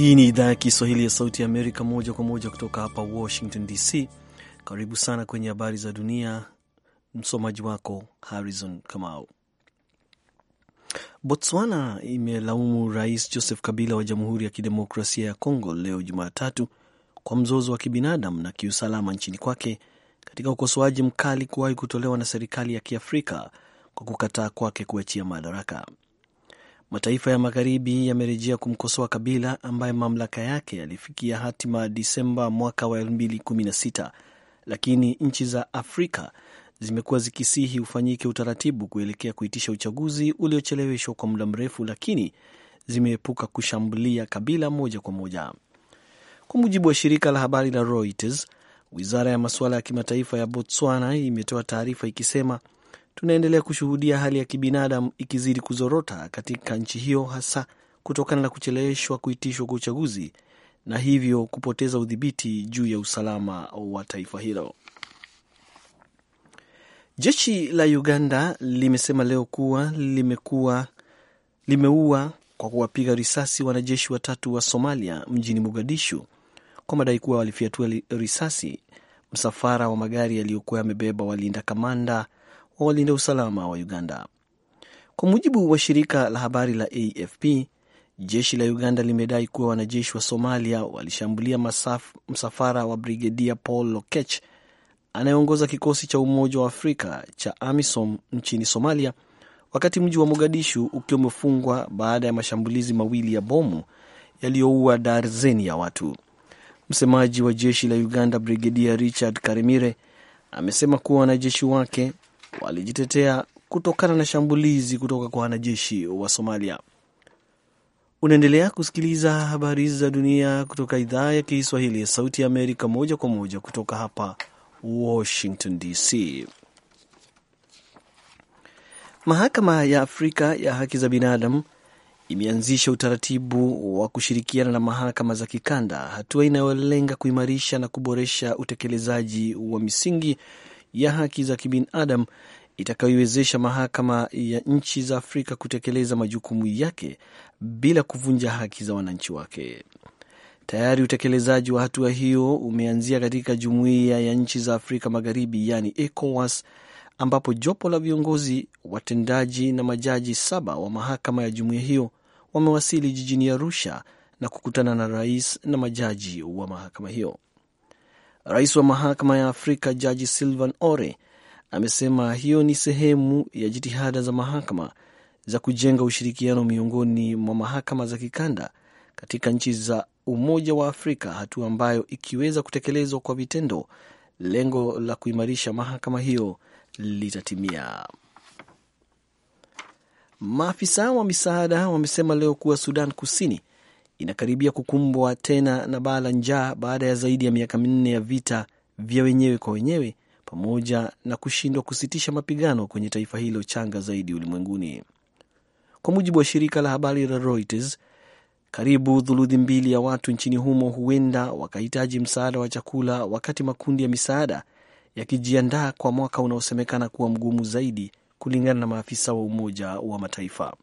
Hii ni idhaa ya Kiswahili ya Sauti ya Amerika, moja kwa moja kutoka hapa Washington DC. Karibu sana kwenye habari za dunia. Msomaji wako Harrison Kamau. Botswana imelaumu Rais Joseph Kabila wa Jamhuri ya Kidemokrasia ya Kongo leo Jumatatu kwa mzozo wa kibinadamu na kiusalama nchini kwake katika ukosoaji mkali kuwahi kutolewa na serikali ya Kiafrika kwa kukataa kwake kuachia madaraka. Mataifa ya Magharibi yamerejea kumkosoa Kabila ambaye mamlaka yake yalifikia hatima Disemba mwaka wa 2016 lakini nchi za Afrika zimekuwa zikisihi ufanyike utaratibu kuelekea kuitisha uchaguzi uliocheleweshwa kwa muda mrefu, lakini zimeepuka kushambulia Kabila moja kwa moja. Kwa mujibu wa shirika la habari la Reuters, wizara ya masuala ya kimataifa ya Botswana imetoa taarifa ikisema tunaendelea kushuhudia hali ya kibinadamu ikizidi kuzorota katika nchi hiyo, hasa kutokana na kucheleweshwa kuitishwa kwa uchaguzi na hivyo kupoteza udhibiti juu ya usalama wa taifa hilo. Jeshi la Uganda limesema leo kuwa limekuwa limeua kwa kuwapiga risasi wanajeshi watatu wa Somalia mjini Mogadishu kwa madai kuwa walifyatua risasi msafara wa magari yaliyokuwa yamebeba walinda kamanda wa walinda usalama wa Uganda. Kwa mujibu wa shirika la habari la AFP, jeshi la Uganda limedai kuwa wanajeshi wa Somalia walishambulia masaf, msafara wa Brigedia Paul Lokech anayeongoza kikosi cha Umoja wa Afrika cha AMISOM nchini Somalia, wakati mji wa Mogadishu ukiwa umefungwa baada ya mashambulizi mawili ya bomu yaliyoua darzeni ya watu. Msemaji wa jeshi la Uganda Brigedia Richard Karimire amesema kuwa wanajeshi wake walijitetea kutokana na shambulizi kutoka kwa wanajeshi wa Somalia. Unaendelea kusikiliza habari za dunia kutoka idhaa ya Kiswahili ya Sauti ya Amerika, moja kwa moja kutoka hapa Washington DC. Mahakama ya Afrika ya Haki za Binadamu imeanzisha utaratibu wa kushirikiana na mahakama za kikanda, hatua inayolenga kuimarisha na kuboresha utekelezaji wa misingi ya haki za kibinadamu itakayoiwezesha mahakama ya nchi za Afrika kutekeleza majukumu yake bila kuvunja haki za wananchi wake. Tayari utekelezaji wa hatua hiyo umeanzia katika jumuiya ya nchi za Afrika Magharibi, yani ECOWAS, ambapo jopo la viongozi watendaji na majaji saba wa mahakama ya jumuiya hiyo wamewasili jijini Arusha na kukutana na rais na majaji wa mahakama hiyo. Rais wa mahakama ya Afrika Jaji Silvan Ore amesema hiyo ni sehemu ya jitihada za mahakama za kujenga ushirikiano miongoni mwa mahakama za kikanda katika nchi za Umoja wa Afrika, hatua ambayo ikiweza kutekelezwa kwa vitendo, lengo la kuimarisha mahakama hiyo litatimia. Maafisa wa misaada wamesema leo kuwa Sudan Kusini inakaribia kukumbwa tena na baa la njaa baada ya zaidi ya miaka minne ya vita vya wenyewe kwa wenyewe pamoja na kushindwa kusitisha mapigano kwenye taifa hilo changa zaidi ulimwenguni. Kwa mujibu wa shirika la habari la Reuters, karibu thuluthi mbili ya watu nchini humo huenda wakahitaji msaada wa chakula, wakati makundi ya misaada yakijiandaa kwa mwaka unaosemekana kuwa mgumu zaidi, kulingana na maafisa wa Umoja wa Mataifa.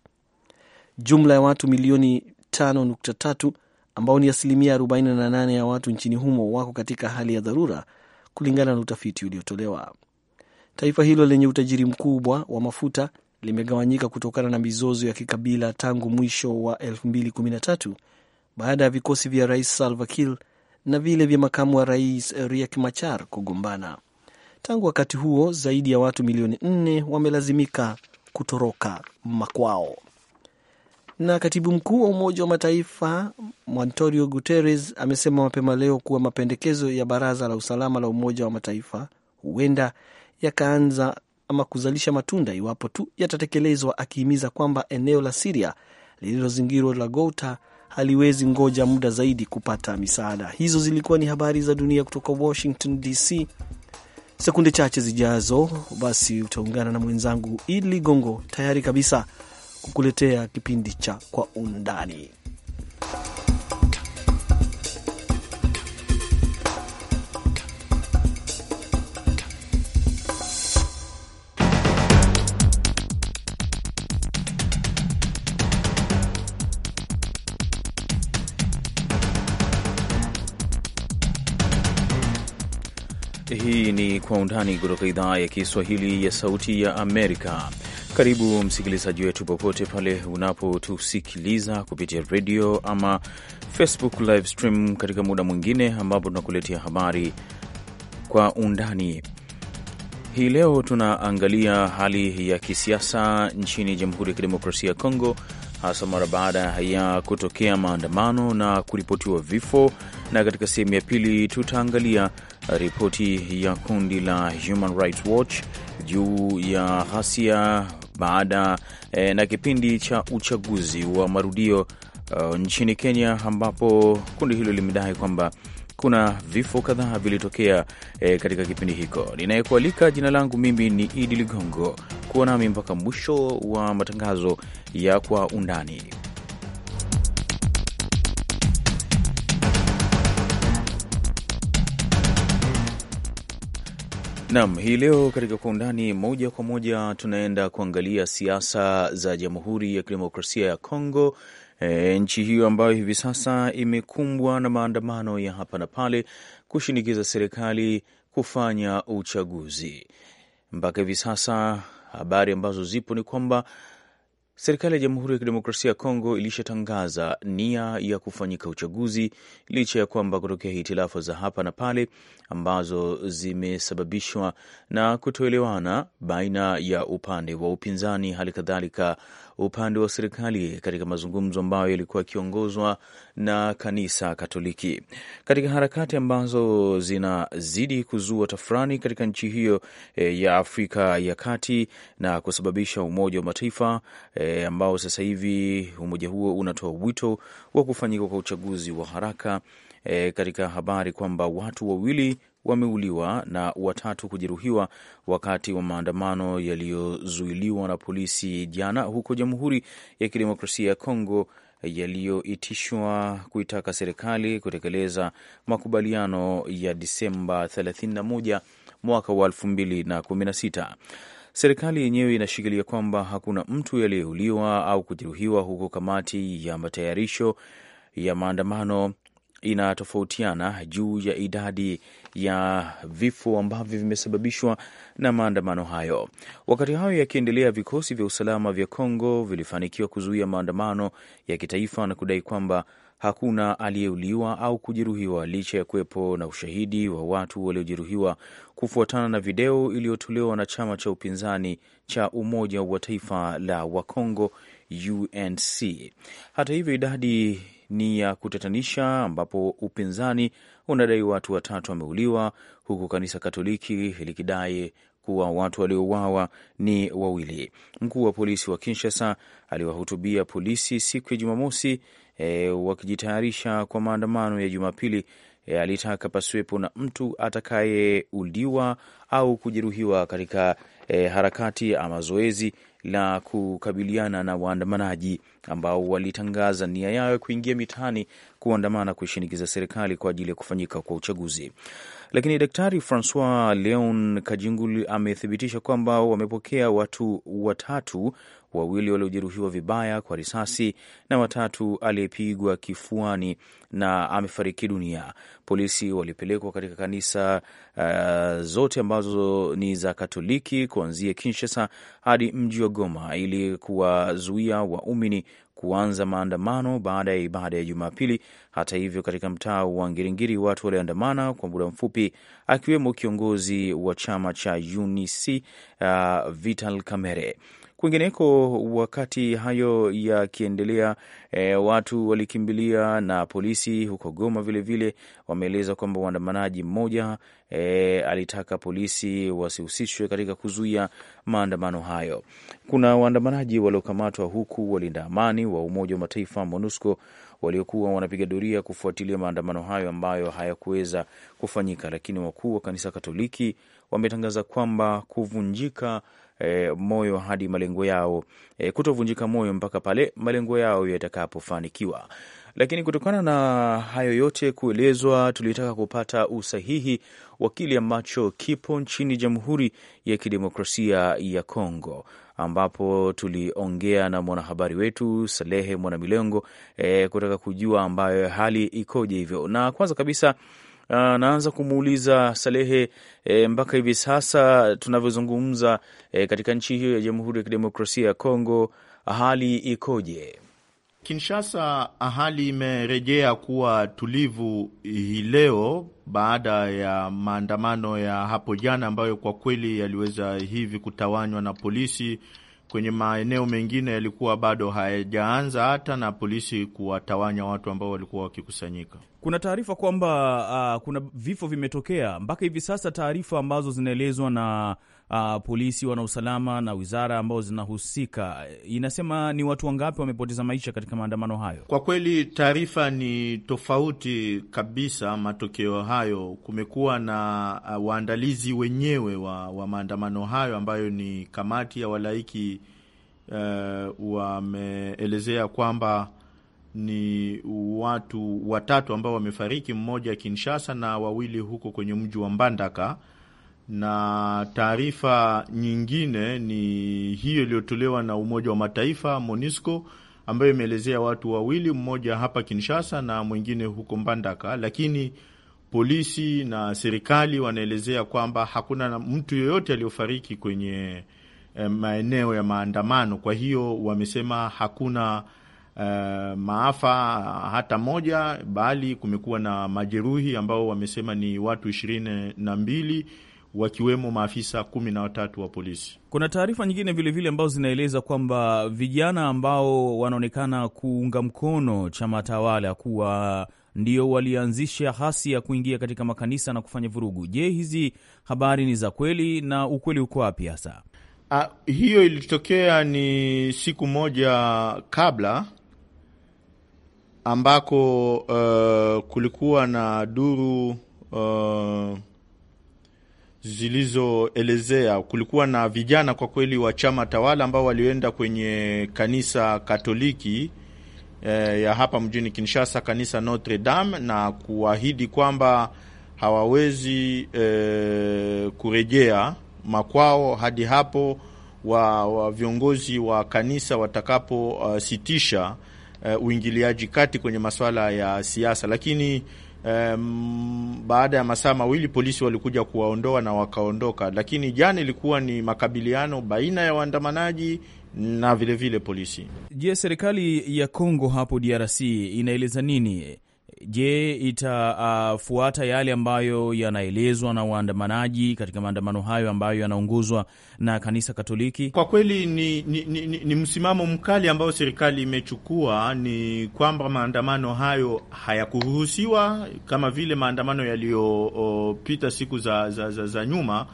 Jumla ya watu milioni 5.3 ambao ni asilimia 48 ya watu nchini humo wako katika hali ya dharura kulingana na utafiti uliotolewa. Taifa hilo lenye utajiri mkubwa wa mafuta limegawanyika kutokana na mizozo ya kikabila tangu mwisho wa 2013 baada ya vikosi vya rais Salva Kiir na vile vya makamu wa rais Riek Machar kugombana. Tangu wakati huo zaidi ya watu milioni nne wamelazimika kutoroka makwao. Na katibu mkuu wa Umoja wa Mataifa Antonio Guterres amesema mapema leo kuwa mapendekezo ya Baraza la Usalama la Umoja wa Mataifa huenda yakaanza ama kuzalisha matunda iwapo tu yatatekelezwa, akihimiza kwamba eneo la Siria lililozingirwa la Gouta haliwezi ngoja muda zaidi kupata misaada. Hizo zilikuwa ni habari za dunia kutoka Washington DC. Sekunde chache zijazo, basi utaungana na mwenzangu Idi Ligongo tayari kabisa kukuletea kipindi cha Kwa Undani. Hii ni Kwa Undani kutoka idhaa ya Kiswahili ya Sauti ya Amerika. Karibu msikilizaji wetu popote pale unapotusikiliza kupitia redio ama Facebook live stream, katika muda mwingine ambapo tunakuletea habari kwa undani. Hii leo tunaangalia hali ya kisiasa nchini Jamhuri ya Kidemokrasia ya Kongo hasa mara baada ya kutokea maandamano na kuripotiwa vifo. Na katika sehemu ya pili tutaangalia ripoti ya kundi la Human Rights Watch juu ya ghasia baada eh, na kipindi cha uchaguzi wa marudio uh, nchini Kenya ambapo kundi hilo limedai kwamba kuna vifo kadhaa vilitokea e, katika kipindi hiko. Ninayekualika, jina langu mimi ni Idi Ligongo, kuwa nami mpaka mwisho wa matangazo ya Kwa Undani. Nam, hii leo katika Kwa Undani, moja kwa moja tunaenda kuangalia siasa za Jamhuri ya Kidemokrasia ya Kongo e, nchi hiyo ambayo hivi sasa imekumbwa na maandamano ya hapa na pale kushinikiza serikali kufanya uchaguzi. Mpaka hivi sasa habari ambazo zipo ni kwamba serikali ya Jamhuri ya Kidemokrasia ya Kongo ilishatangaza nia ya kufanyika uchaguzi licha ya kwamba kutokea hitilafu za hapa na pale ambazo zimesababishwa na kutoelewana baina ya upande wa upinzani, hali kadhalika upande wa serikali katika mazungumzo ambayo yalikuwa yakiongozwa na kanisa Katoliki katika harakati ambazo zinazidi kuzua tafurani katika nchi hiyo e, ya Afrika ya Kati na kusababisha Umoja wa Mataifa e, ambao sasa hivi umoja huo unatoa wito wa kufanyika kwa uchaguzi wa haraka. E, katika habari kwamba watu wawili wameuliwa na watatu kujeruhiwa wakati wa maandamano yaliyozuiliwa na polisi jana huko Jamhuri ya Kidemokrasia ya Kongo yaliyoitishwa kuitaka serikali kutekeleza makubaliano ya Disemba 31 mwaka wa 2016. Serikali yenyewe inashikilia kwamba hakuna mtu yaliyeuliwa au kujeruhiwa huko. Kamati ya matayarisho ya maandamano inatofautiana juu ya idadi ya vifo ambavyo vimesababishwa na maandamano hayo. Wakati hayo yakiendelea, vikosi vya usalama vya Kongo vilifanikiwa kuzuia maandamano ya kitaifa na kudai kwamba hakuna aliyeuliwa au kujeruhiwa licha ya kuwepo na ushahidi wa watu waliojeruhiwa kufuatana na video iliyotolewa na chama cha upinzani cha Umoja wa Taifa la Wakongo UNC. Hata hivyo idadi ni ya kutatanisha, ambapo upinzani unadai watu watatu wameuliwa huku kanisa Katoliki likidai kuwa watu waliouawa ni wawili. Mkuu wa polisi wa Kinshasa aliwahutubia polisi siku ya Jumamosi e, wakijitayarisha kwa maandamano ya Jumapili e, alitaka pasiwepo na mtu atakayeuliwa au kujeruhiwa katika e, harakati ama zoezi la kukabiliana na waandamanaji ambao walitangaza nia yao ya kuingia mitaani kuandamana kuishinikiza serikali kwa ajili ya kufanyika kwa uchaguzi. Lakini Daktari Francois Leon Kajingul amethibitisha kwamba wamepokea watu watatu wawili waliojeruhiwa vibaya kwa risasi na watatu aliyepigwa kifuani na amefariki dunia. Polisi walipelekwa katika kanisa uh, zote ambazo ni za Katoliki kuanzia Kinshasa hadi mji wa Goma ili kuwazuia waumini kuanza maandamano baada ya ibada ya Jumapili. Hata hivyo, katika mtaa wa Ngiringiri watu waliandamana kwa muda mfupi, akiwemo kiongozi wa chama cha unic uh, Vital Kamerhe. Kwingineko, wakati hayo yakiendelea, e, watu walikimbilia na polisi huko Goma vilevile wameeleza kwamba waandamanaji mmoja e, alitaka polisi wasihusishwe katika kuzuia maandamano hayo. Kuna waandamanaji waliokamatwa huku walinda amani wa Umoja wa Mataifa MONUSCO waliokuwa wanapiga doria kufuatilia maandamano hayo ambayo hayakuweza kufanyika, lakini wakuu wa kanisa Katoliki wametangaza kwamba kuvunjika e, moyo hadi malengo yao e, kutovunjika moyo mpaka pale malengo yao yatakapofanikiwa. Lakini kutokana na hayo yote kuelezwa, tulitaka kupata usahihi wa kile ambacho kipo nchini Jamhuri ya Kidemokrasia ya Kongo, ambapo tuliongea na mwanahabari wetu Salehe Mwanamilengo e, kutaka kujua ambayo hali ikoje hivyo, na kwanza kabisa Ah, naanza kumuuliza Salehe, e, mpaka hivi sasa tunavyozungumza, e, katika nchi hiyo ya Jamhuri ya Kidemokrasia ya Kongo hali ikoje? Kinshasa hali imerejea kuwa tulivu hii leo baada ya maandamano ya hapo jana ambayo kwa kweli yaliweza hivi kutawanywa na polisi kwenye maeneo mengine yalikuwa bado hayajaanza hata na polisi kuwatawanya watu ambao walikuwa wakikusanyika. Kuna taarifa kwamba uh, kuna vifo vimetokea mpaka hivi sasa, taarifa ambazo zinaelezwa na uh, polisi, wana usalama na wizara ambao zinahusika, inasema ni watu wangapi wamepoteza maisha katika maandamano hayo? Kwa kweli taarifa ni tofauti kabisa. Matokeo hayo, kumekuwa na uh, waandalizi wenyewe wa, wa maandamano hayo ambayo ni kamati ya walaiki uh, wameelezea kwamba ni watu watatu ambao wamefariki, mmoja Kinshasa na wawili huko kwenye mji wa Mbandaka na taarifa nyingine ni hiyo iliyotolewa na Umoja wa Mataifa MONUSCO ambayo imeelezea watu wawili, mmoja hapa Kinshasa na mwingine huko Mbandaka, lakini polisi na serikali wanaelezea kwamba hakuna mtu yoyote aliyofariki kwenye eh, maeneo ya maandamano. Kwa hiyo wamesema hakuna uh, maafa hata moja, bali kumekuwa na majeruhi ambao wamesema ni watu ishirini na mbili wakiwemo maafisa kumi na watatu wa polisi. Kuna taarifa nyingine vilevile ambazo zinaeleza kwamba vijana ambao wanaonekana kuunga mkono chama tawala kuwa ndio walianzisha hasi ya kuingia katika makanisa na kufanya vurugu. Je, hizi habari ni za kweli na ukweli uko wapi hasa? Ah, hiyo ilitokea ni siku moja kabla ambako uh, kulikuwa na duru uh, zilizoelezea, kulikuwa na vijana kwa kweli wa chama tawala ambao walienda kwenye kanisa Katoliki eh, ya hapa mjini Kinshasa, kanisa Notre Dame, na kuahidi kwamba hawawezi eh, kurejea makwao hadi hapo wa, wa viongozi wa kanisa watakapositisha eh, uh, eh, uh, uingiliaji kati kwenye masuala ya siasa, lakini um, baada ya masaa mawili polisi walikuja kuwaondoa na wakaondoka, lakini jana ilikuwa ni makabiliano baina ya waandamanaji na vilevile vile polisi. Je, serikali ya Kongo hapo DRC inaeleza nini je, itafuata uh, yale ambayo yanaelezwa na waandamanaji katika maandamano hayo ambayo yanaongozwa na kanisa Katoliki? Kwa kweli ni, ni, ni, ni, ni msimamo mkali ambao serikali imechukua, ni kwamba maandamano hayo hayakuruhusiwa kama vile maandamano yaliyopita siku za, za, za, za nyuma.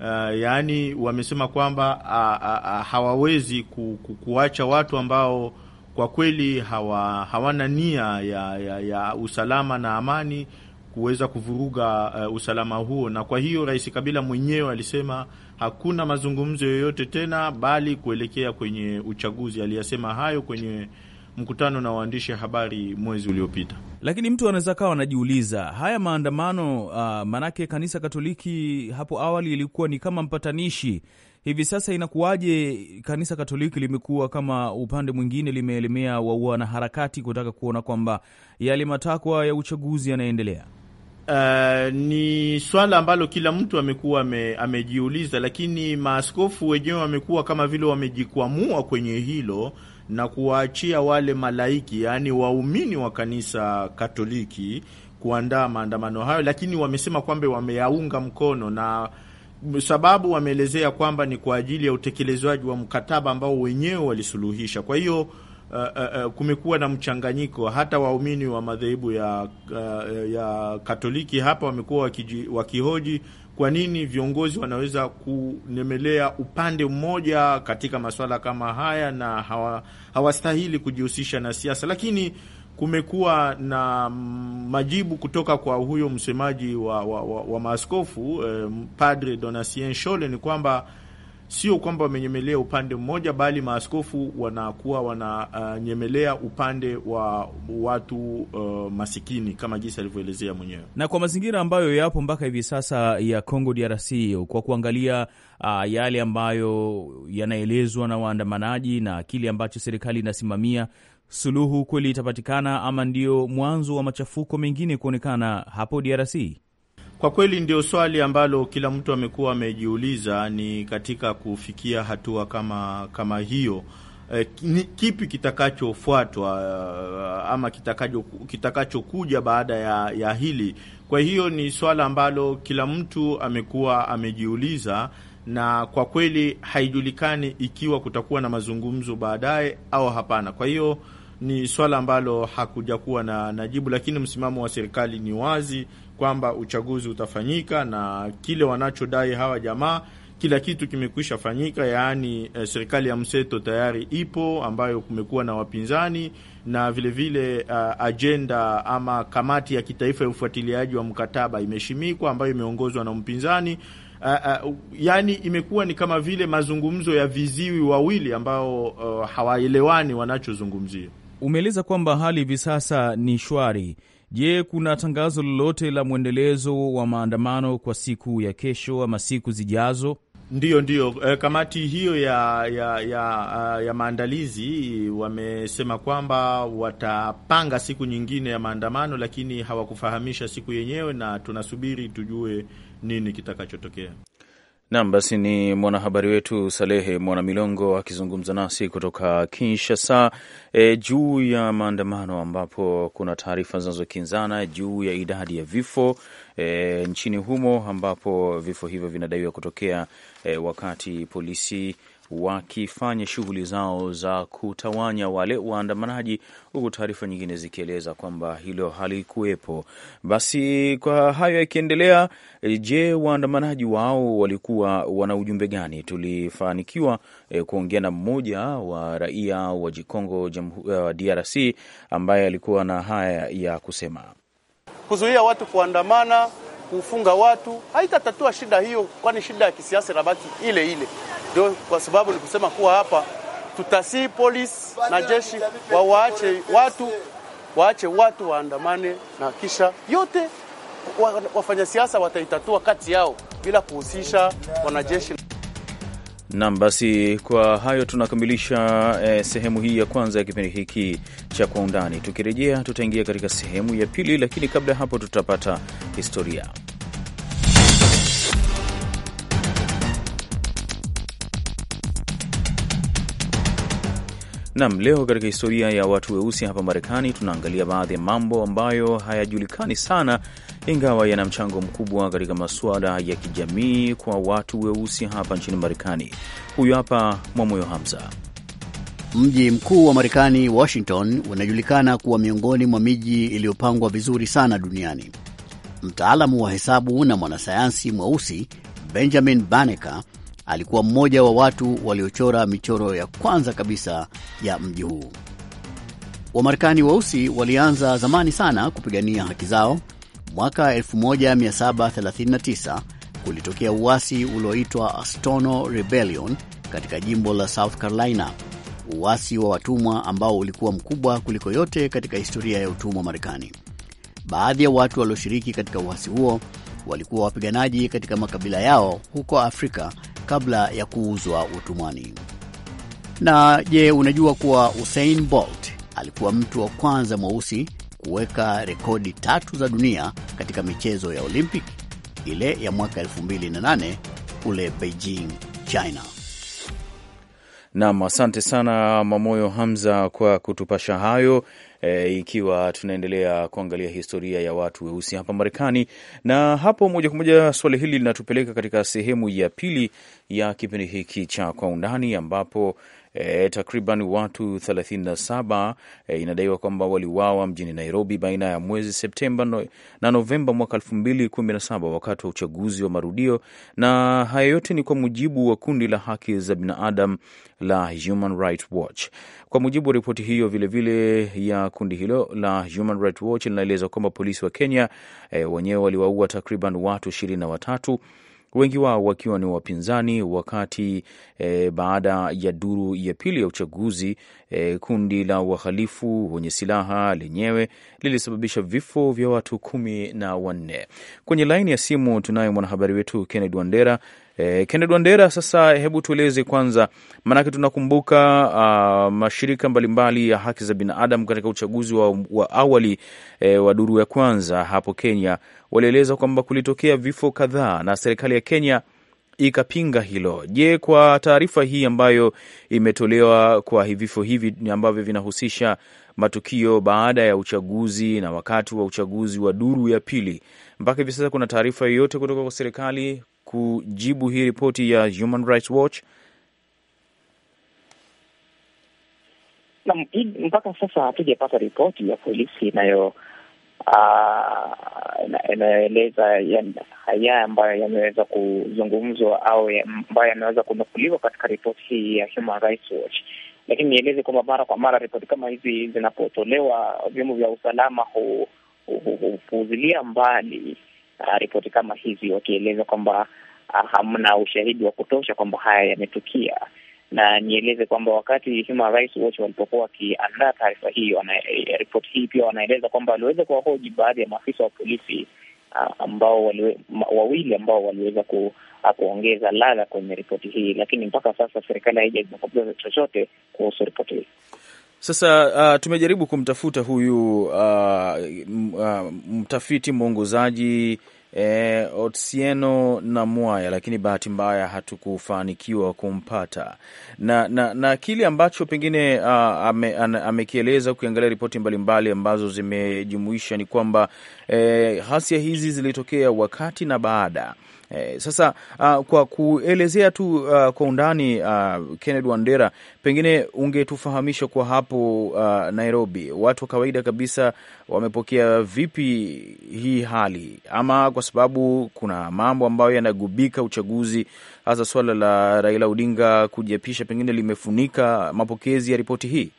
Uh, yaani wamesema kwamba uh, uh, uh, hawawezi ku, ku, kuacha watu ambao kwa kweli hawa, hawana nia ya, ya, ya usalama na amani kuweza kuvuruga uh, usalama huo. Na kwa hiyo Rais Kabila mwenyewe alisema hakuna mazungumzo yoyote tena, bali kuelekea kwenye uchaguzi. Aliyasema hayo kwenye mkutano na waandishi habari mwezi uliopita. Lakini mtu anaweza kawa anajiuliza haya maandamano uh, manake kanisa Katoliki hapo awali ilikuwa ni kama mpatanishi Hivi sasa inakuwaje kanisa Katoliki limekuwa kama upande mwingine limeelemea wanaharakati kutaka kuona kwamba yale matakwa ya uchaguzi yanaendelea? Uh, ni swala ambalo kila mtu amekuwa ame, amejiuliza, lakini maaskofu wenyewe wamekuwa kama vile wamejikwamua kwenye hilo na kuwaachia wale malaiki, yaani waumini wa kanisa Katoliki kuandaa maandamano hayo, lakini wamesema kwamba wameyaunga mkono na sababu wameelezea kwamba ni kwa ajili ya utekelezwaji wa mkataba ambao wenyewe walisuluhisha. Kwa hiyo uh, uh, uh kumekuwa na mchanganyiko. Hata waumini wa madhehebu ya, uh, ya Katoliki hapa wamekuwa wakihoji kwa nini viongozi wanaweza kunemelea upande mmoja katika masuala kama haya na hawa, hawastahili kujihusisha na siasa, lakini kumekuwa na majibu kutoka kwa huyo msemaji wa, wa, wa, wa maaskofu eh, Padre Donatien Shole ni kwamba sio kwamba wamenyemelea upande mmoja, bali maaskofu wanakuwa wananyemelea uh, upande wa watu uh, masikini kama jinsi alivyoelezea mwenyewe. Na kwa mazingira ambayo yapo mpaka hivi sasa ya Congo DRC, kwa kuangalia uh, yale ambayo yanaelezwa na waandamanaji na kile ambacho serikali inasimamia, suluhu kweli itapatikana ama ndio mwanzo wa machafuko mengine kuonekana hapo DRC? Kwa kweli ndio swali ambalo kila mtu amekuwa amejiuliza ni katika kufikia hatua kama kama hiyo e, ni kipi kitakachofuatwa eh, ama kitakacho kitakachokuja baada ya, ya hili. Kwa hiyo ni swala ambalo kila mtu amekuwa amejiuliza na kwa kweli haijulikani ikiwa kutakuwa na mazungumzo baadaye au hapana. Kwa hiyo ni swala ambalo hakuja kuwa na, na jibu, lakini msimamo wa serikali ni wazi kwamba uchaguzi utafanyika na kile wanachodai hawa jamaa kila kitu kimekwisha fanyika, yaani eh, serikali ya mseto tayari ipo, ambayo kumekuwa na wapinzani na vilevile vile, uh, ajenda ama kamati ya kitaifa ya ufuatiliaji wa mkataba imeshimikwa, ambayo imeongozwa na mpinzani. Uh, eh, uh, eh, yani imekuwa ni kama vile mazungumzo ya viziwi wawili ambao uh, hawaelewani wanachozungumzia. Umeeleza kwamba hali hivi sasa ni shwari. Je, kuna tangazo lolote la mwendelezo wa maandamano kwa siku ya kesho ama siku zijazo? Ndiyo, ndiyo. E, kamati hiyo ya, ya, ya, eh, ya maandalizi wamesema kwamba watapanga siku nyingine ya maandamano, lakini hawakufahamisha siku yenyewe, na tunasubiri tujue nini kitakachotokea. Nam, basi ni mwanahabari wetu Salehe Mwanamilongo akizungumza nasi kutoka Kinshasa e, juu ya maandamano ambapo kuna taarifa zinazokinzana juu ya idadi ya vifo e, nchini humo ambapo vifo hivyo vinadaiwa kutokea e, wakati polisi wakifanya shughuli zao za kutawanya wale waandamanaji, huku taarifa nyingine zikieleza kwamba hilo halikuwepo. Basi kwa hayo yakiendelea, je, waandamanaji wao walikuwa wana ujumbe gani? Tulifanikiwa eh, kuongea na mmoja wa raia wa Jikongo uh, e, DRC ambaye alikuwa na haya ya kusema. Kuzuia watu kuandamana, kufunga watu haitatatua shida hiyo, kwani shida ya kisiasa inabaki ile ile. Ndio kwa sababu ni kusema kuwa hapa tutasii polisi na jeshi wawaache watu waache watu waandamane, na kisha yote wafanya siasa wataitatua kati yao bila kuhusisha wanajeshi. Nam, basi kwa hayo tunakamilisha eh, sehemu hii ya kwanza ya kipindi hiki cha Kwa Undani. Tukirejea tutaingia katika sehemu ya pili, lakini kabla ya hapo tutapata historia. Nam, leo katika historia ya watu weusi hapa Marekani tunaangalia baadhi ya mambo ambayo hayajulikani sana, ingawa yana mchango mkubwa katika masuala ya kijamii kwa watu weusi hapa nchini Marekani. Huyu hapa Mwamoyo Hamza. Mji mkuu wa Marekani, Washington, unajulikana kuwa miongoni mwa miji iliyopangwa vizuri sana duniani. Mtaalamu wa hesabu na mwanasayansi mweusi Benjamin Banneker alikuwa mmoja wa watu waliochora michoro ya kwanza kabisa ya mji huu. Wamarekani weusi walianza zamani sana kupigania haki zao. Mwaka 1739 kulitokea uasi ulioitwa Stono Rebellion katika jimbo la South Carolina, uasi wa watumwa ambao ulikuwa mkubwa kuliko yote katika historia ya utumwa Marekani. Baadhi ya watu walioshiriki katika uasi huo walikuwa wapiganaji katika makabila yao huko Afrika kabla ya kuuzwa utumwani. Na je, unajua kuwa Usain Bolt alikuwa mtu wa kwanza mweusi kuweka rekodi tatu za dunia katika michezo ya Olympic ile ya mwaka 2008 kule Beijing, China. Nam, asante sana Mamoyo Hamza kwa kutupasha hayo e, ikiwa tunaendelea kuangalia historia ya watu weusi hapa Marekani. Na hapo moja kwa moja swali hili linatupeleka katika sehemu ya pili ya kipindi hiki cha Kwa Undani, ambapo E, takriban watu 37 e, inadaiwa kwamba waliuawa mjini Nairobi baina ya mwezi Septemba no, na Novemba mwaka 2017 wakati wa uchaguzi wa marudio, na haya yote ni kwa mujibu wa kundi la haki za binadamu la Human Rights Watch. Kwa mujibu wa ripoti hiyo vilevile vile ya kundi hilo la Human Rights Watch linaeleza kwamba polisi wa Kenya e, wenyewe waliwaua takriban watu ishirini na watatu wengi wao wakiwa ni wapinzani. Wakati e, baada ya duru ya pili ya uchaguzi e, kundi la wahalifu wenye silaha lenyewe lilisababisha vifo vya watu kumi na wanne. Kwenye laini ya simu tunaye mwanahabari wetu Kennedy Wandera. E, Kennedy Wandera, sasa hebu tueleze kwanza, maanake tunakumbuka uh, mashirika mbalimbali ya haki za binadamu katika uchaguzi wa, wa awali e, wa duru ya kwanza hapo Kenya walieleza kwamba kulitokea vifo kadhaa na serikali ya Kenya ikapinga hilo. Je, kwa taarifa hii ambayo imetolewa kwa vifo hivi ambavyo vinahusisha matukio baada ya uchaguzi na wakati wa uchaguzi wa duru ya pili, mpaka hivi sasa kuna taarifa yoyote kutoka kwa serikali kujibu hii ripoti ya Human Rights Watch? Na mpaka sasa hatujapata ripoti ya polisi inayo Ah, inaeleza haya ambayo yameweza kuzungumzwa au ambayo yameweza kunukuliwa katika ripoti hii ya Human Rights Watch. Lakini nieleze kwamba mara kwa mara ripoti kama hizi zinapotolewa, vyombo vya usalama hupuuzilia mbali uh, ripoti kama hizi wakieleza kwamba uh, hamna ushahidi wa kutosha kwamba haya yametukia na nieleze kwamba wakati Human Rights Watch walipokuwa wakiandaa taarifa hii wana, e, eh, ripoti hii pia wanaeleza kwamba waliweza kuwahoji baadhi ya maafisa wa polisi ah, ambao ma, wawili ambao waliweza ku, ah, kuongeza ladha kwenye ripoti hii, lakini mpaka sasa serikali haijazungumza chochote kuhusu ripoti hii. Sasa uh, tumejaribu kumtafuta huyu uh, uh, mtafiti mwongozaji e, Otsieno na Mwaya, lakini bahati mbaya hatukufanikiwa kumpata na, na, na kile ambacho pengine uh, amekieleza ame ukiangalia ripoti mbalimbali ambazo zimejumuisha ni kwamba e, ghasia hizi zilitokea wakati na baada Eh, sasa uh, kwa kuelezea tu uh, kwa undani uh, Kennedy Wandera, pengine ungetufahamisha kwa hapo uh, Nairobi, watu wa kawaida kabisa wamepokea vipi hii hali, ama kwa sababu kuna mambo ambayo yanagubika uchaguzi, hasa swala la Raila Odinga kujiapisha pengine limefunika mapokezi ya ripoti hii?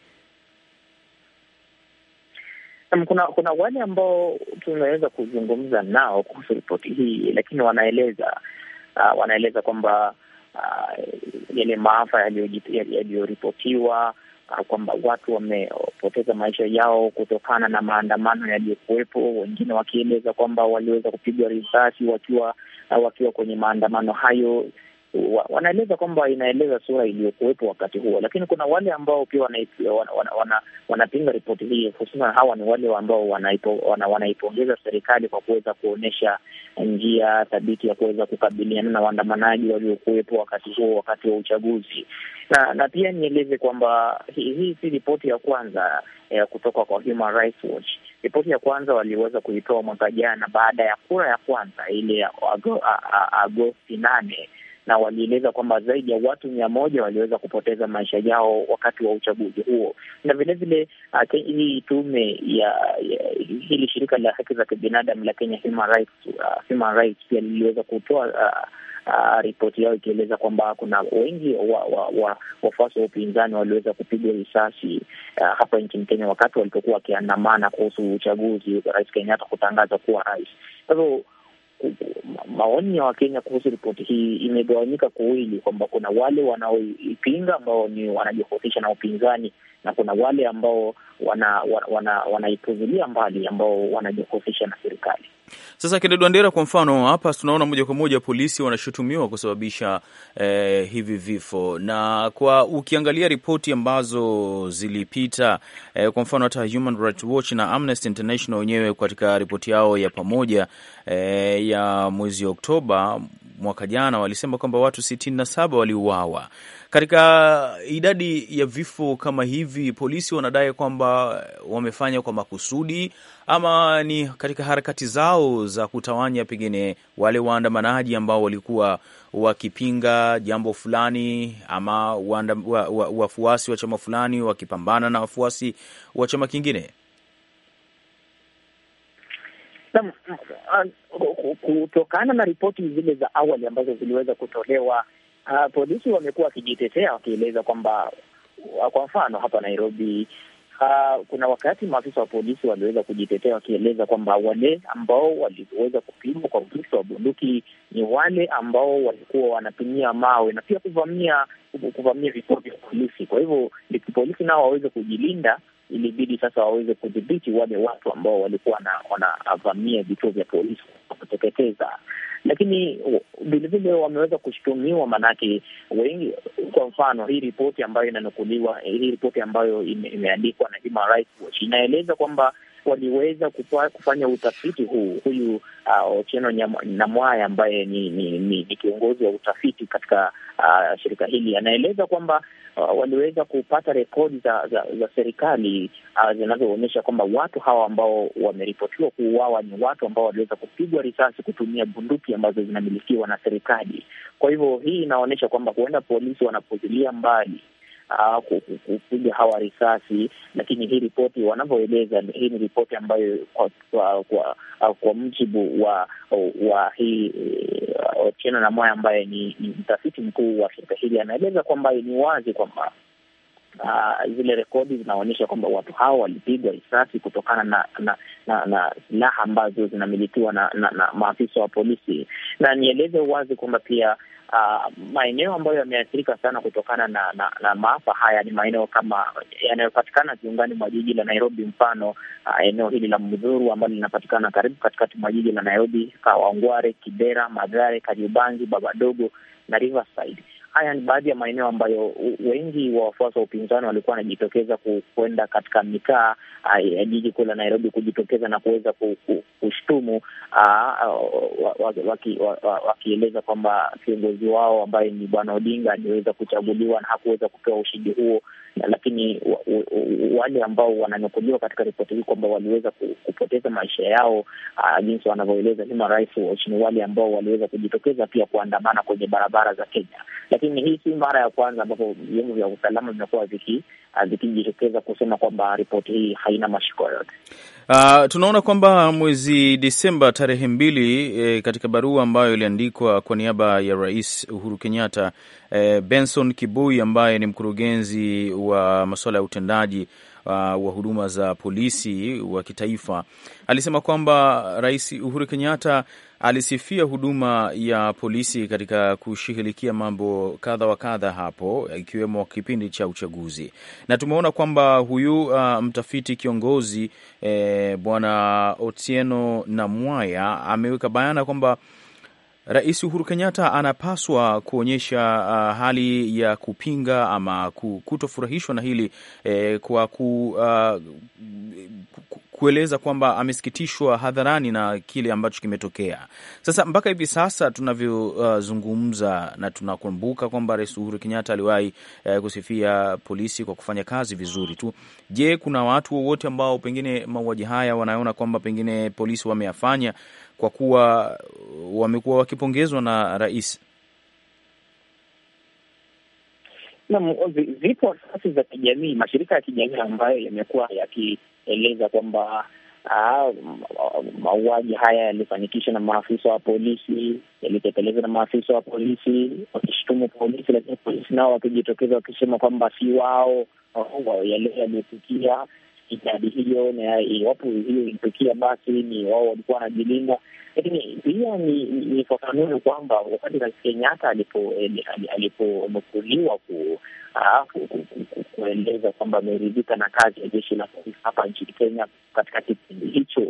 kuna kuna wale ambao tunaweza kuzungumza nao kuhusu ripoti hii, lakini wanaeleza uh, wanaeleza kwamba uh, yale maafa yaliyoripotiwa uh, kwamba watu wamepoteza maisha yao kutokana na maandamano yaliyokuwepo, wengine wakieleza kwamba waliweza kupigwa risasi wakiwa uh, wakiwa kwenye maandamano hayo wanaeleza kwamba inaeleza sura iliyokuwepo wakati huo, lakini kuna wale ambao pia wanapinga wana, wana, wana, wana ripoti hii, hususan hawa ni wale ambao wanaipongeza wana, wana serikali kwa kuweza kuonyesha njia thabiti ya kuweza kukabiliana na waandamanaji waliokuwepo wakati huo, wakati wa uchaguzi. Na, na pia nieleze kwamba hii hi, si ripoti ya kwanza eh, kutoka kwa Human Rights Watch. Ripoti ya kwanza waliweza kuitoa mwaka jana baada ya kura ya kwanza ile ya Agosti nane na walieleza kwamba zaidi ya watu mia moja waliweza kupoteza maisha yao wakati wa uchaguzi huo. Na vilevile uh, hii uh, tume ya, ya hili shirika la haki za kibinadamu la Kenya Human Rights, uh, Human Rights pia liliweza kutoa uh, Uh, ripoti yao ikieleza kwamba kuna wengi wafuasi wa, wa, wa upinzani waliweza kupigwa risasi uh, hapa nchini Kenya wakati walipokuwa wakiandamana kuhusu uchaguzi Rais Kenyatta kutangaza kuwa rais. Kwa hivyo maoni ya Wakenya kuhusu ripoti hii imegawanyika kuwili, kwamba kuna wale wanaoipinga ambao ni wanajihusisha na upinzani na kuna wale ambao wanaipuzulia wana, wana mbali ambao wanajihusisha na serikali. Sasa Kennedy Wandera, kwa mfano hapa tunaona moja kwa moja polisi wanashutumiwa kusababisha eh, hivi vifo, na kwa ukiangalia ripoti ambazo zilipita eh, kwa mfano hata Human Rights Watch na Amnesty International wenyewe katika ripoti yao ya pamoja eh, ya mwezi Oktoba mwaka jana walisema kwamba watu 67 waliuawa. Katika idadi ya vifo kama hivi, polisi wanadai kwamba wamefanya kwa makusudi ama ni katika harakati zao za kutawanya pengine wale waandamanaji ambao walikuwa wakipinga jambo fulani ama wafuasi wa, wa, wa chama fulani wakipambana na wafuasi wa chama kingine kutokana na ripoti zile za awali ambazo ziliweza kutolewa, uh, polisi wamekuwa wakijitetea wakieleza kwamba, kwa mfano hapa Nairobi, uh, kuna wakati maafisa wa polisi waliweza kujitetea wakieleza kwamba wale ambao waliweza kupimwa kwa uzito wa bunduki ni wale ambao walikuwa wanatumia mawe na pia kuvamia kuvamia vituo vya polisi. Kwa hivyo polisi nao waweze kujilinda ilibidi sasa waweze kudhibiti wale watu ambao walikuwa wanavamia vituo vya polisi kuteketeza lakini vilevile wameweza kushutumiwa, maanake wengi. Kwa mfano, hii ripoti ambayo inanukuliwa, hii ripoti ambayo ime, imeandikwa na Human Rights Watch inaeleza kwamba waliweza kupa, kufanya utafiti huu. Huyu uh, Otieno Namwaya ambaye ni, ni, ni, ni kiongozi wa utafiti katika uh, shirika hili anaeleza kwamba uh, waliweza kupata rekodi za, za, za serikali uh, zinazoonyesha kwamba watu hawa ambao wameripotiwa kuuawa ni watu ambao waliweza kupigwa risasi kutumia bunduki ambazo zinamilikiwa na serikali. Kwa hivyo hii inaonyesha kwamba huenda polisi wanapuzilia mbali Uh, kupiga hawa risasi, lakini hii ripoti wanavyoeleza, hii ni ripoti ambayo kwa kwa, kwa, uh, kwa mjibu wa wa hii uh, Otieno na Moya ambaye ni mtafiti mkuu wa shirika hili anaeleza kwamba ni wazi kwamba Uh, zile rekodi zinaonyesha kwamba watu hao walipigwa risasi kutokana na, na na na silaha ambazo zinamilikiwa na, na, na maafisa wa polisi, na nieleze wazi kwamba pia uh, maeneo ambayo yameathirika sana kutokana na, na, na maafa haya ni maeneo kama yanayopatikana viungani mwa jiji la Nairobi, mfano uh, eneo hili la Mudhuru ambalo linapatikana karibu katikati mwa jiji la Nairobi, Kawangware, Kibera, Madhare, Kariobangi, Babadogo na Riverside haya ni baadhi ya maeneo ambayo wengi wa wafuasi wa upinzani walikuwa wanajitokeza kwenda katika mitaa ah, ya jiji kuu la Nairobi kujitokeza na kuweza kushtumu ah, ah, wakieleza kwamba kiongozi wao ambaye ni Bwana Odinga aliweza kuchaguliwa na hakuweza kupewa ushindi huo, lakini wale ambao wananukuliwa katika ripoti hii kwamba waliweza kupoteza maisha yao, jinsi wanavyoeleza Human Rights Watch, ni wale ambao waliweza kujitokeza pia kuandamana kwenye barabara za Kenya. Lakini hii si mara ya kwanza ambapo vyombo vya usalama vimekuwa ah, vikijitokeza kusema kwamba ripoti hii haina mashiko yoyote. Uh, tunaona kwamba mwezi disemba tarehe mbili, e, katika barua ambayo iliandikwa kwa niaba ya Rais Uhuru Kenyatta, e, Benson Kibui ambaye ni mkurugenzi wa masuala ya utendaji Uh, wa huduma za polisi wa kitaifa alisema kwamba Rais Uhuru Kenyatta alisifia huduma ya polisi katika kushughulikia mambo kadha wa kadha hapo, ikiwemo kipindi cha uchaguzi, na tumeona kwamba huyu uh, mtafiti kiongozi eh, bwana Otieno Namwaya ameweka bayana kwamba Rais Uhuru Kenyatta anapaswa kuonyesha uh, hali ya kupinga ama kutofurahishwa na hili eh, kwa ku, uh, kueleza kwamba amesikitishwa hadharani na kile ambacho kimetokea. Sasa mpaka hivi sasa tunavyozungumza, uh, na tunakumbuka kwamba Rais Uhuru Kenyatta aliwahi eh, kusifia polisi kwa kufanya kazi vizuri tu. Je, kuna watu wowote ambao pengine mauaji haya wanaona kwamba pengine polisi wameyafanya kwa kuwa wamekuwa wakipongezwa na rais? Naam, zipo asasi za kijamii, mashirika ya kijamii ambayo yamekuwa yakieleza kwamba ah, mauaji haya yalifanikishwa na maafisa wa polisi, yalitekelezwa na maafisa wa polisi, wakishutumu polisi, lakini polisi nao wakijitokeza wakisema kwamba si wao yale yamefikia idadi hiyo, na iwapo hiyo ilitukia, basi ni wao walikuwa wanajilinda. Lakini pia nifafanue kwamba wakati Rais Kenyatta aliponukuliwa eh, ku kustaafu kueleza kwamba ameridhika na kazi ya jeshi la polisi hapa nchini Kenya katika kipindi hicho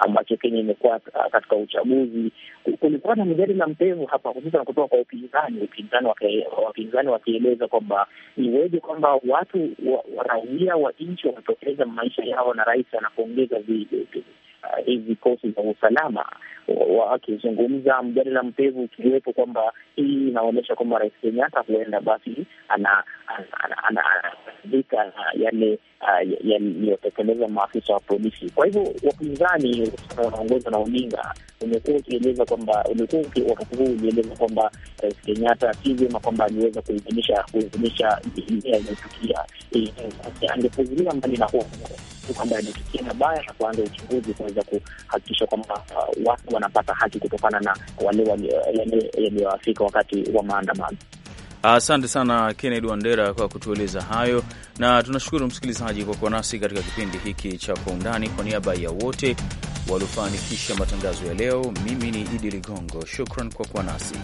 ambacho Kenya imekuwa katika uchaguzi. Kulikuwa na mjadala mpevu hapa, hususan kutoka kwa upinzani, upinzani wapinzani wakieleza kwamba niweje kwamba watu raia wa nchi wamepoteza maisha yao na rais anapoongeza Uh, hizi uh, kosi za usalama wakizungumza, mjadala mpevu ukiwepo kwamba hii inaonyesha kwamba Rais Kenyatta huenda basi anaridhika na yale uh, yaliyotekeleza maafisa wa polisi. Kwa hivyo wapinzani wanaongozwa na Odinga umekuwa ukieleza kwamba umekuwa wakati huu ulieleza kwamba Rais Kenyatta si vyema kwamba aliweza kuidhinisha kuidhinisha jumuia iliyotukia eh, eh, angepuzilia mbali na huo mtu kwamba ajifikie mabaya na kuanza uchunguzi kuweza kuhakikisha kwamba uh, watu wanapata haki kutokana na wale yaliyowafika wakati wa maandamano. Asante sana Kennedy Wandera kwa kutueleza hayo, na tunashukuru msikilizaji kwa kuwa nasi katika kipindi hiki cha Kwa Undani. Kwa niaba ya wote waliofanikisha matangazo ya leo, mimi ni Idi Ligongo, shukran kwa kuwa nasi.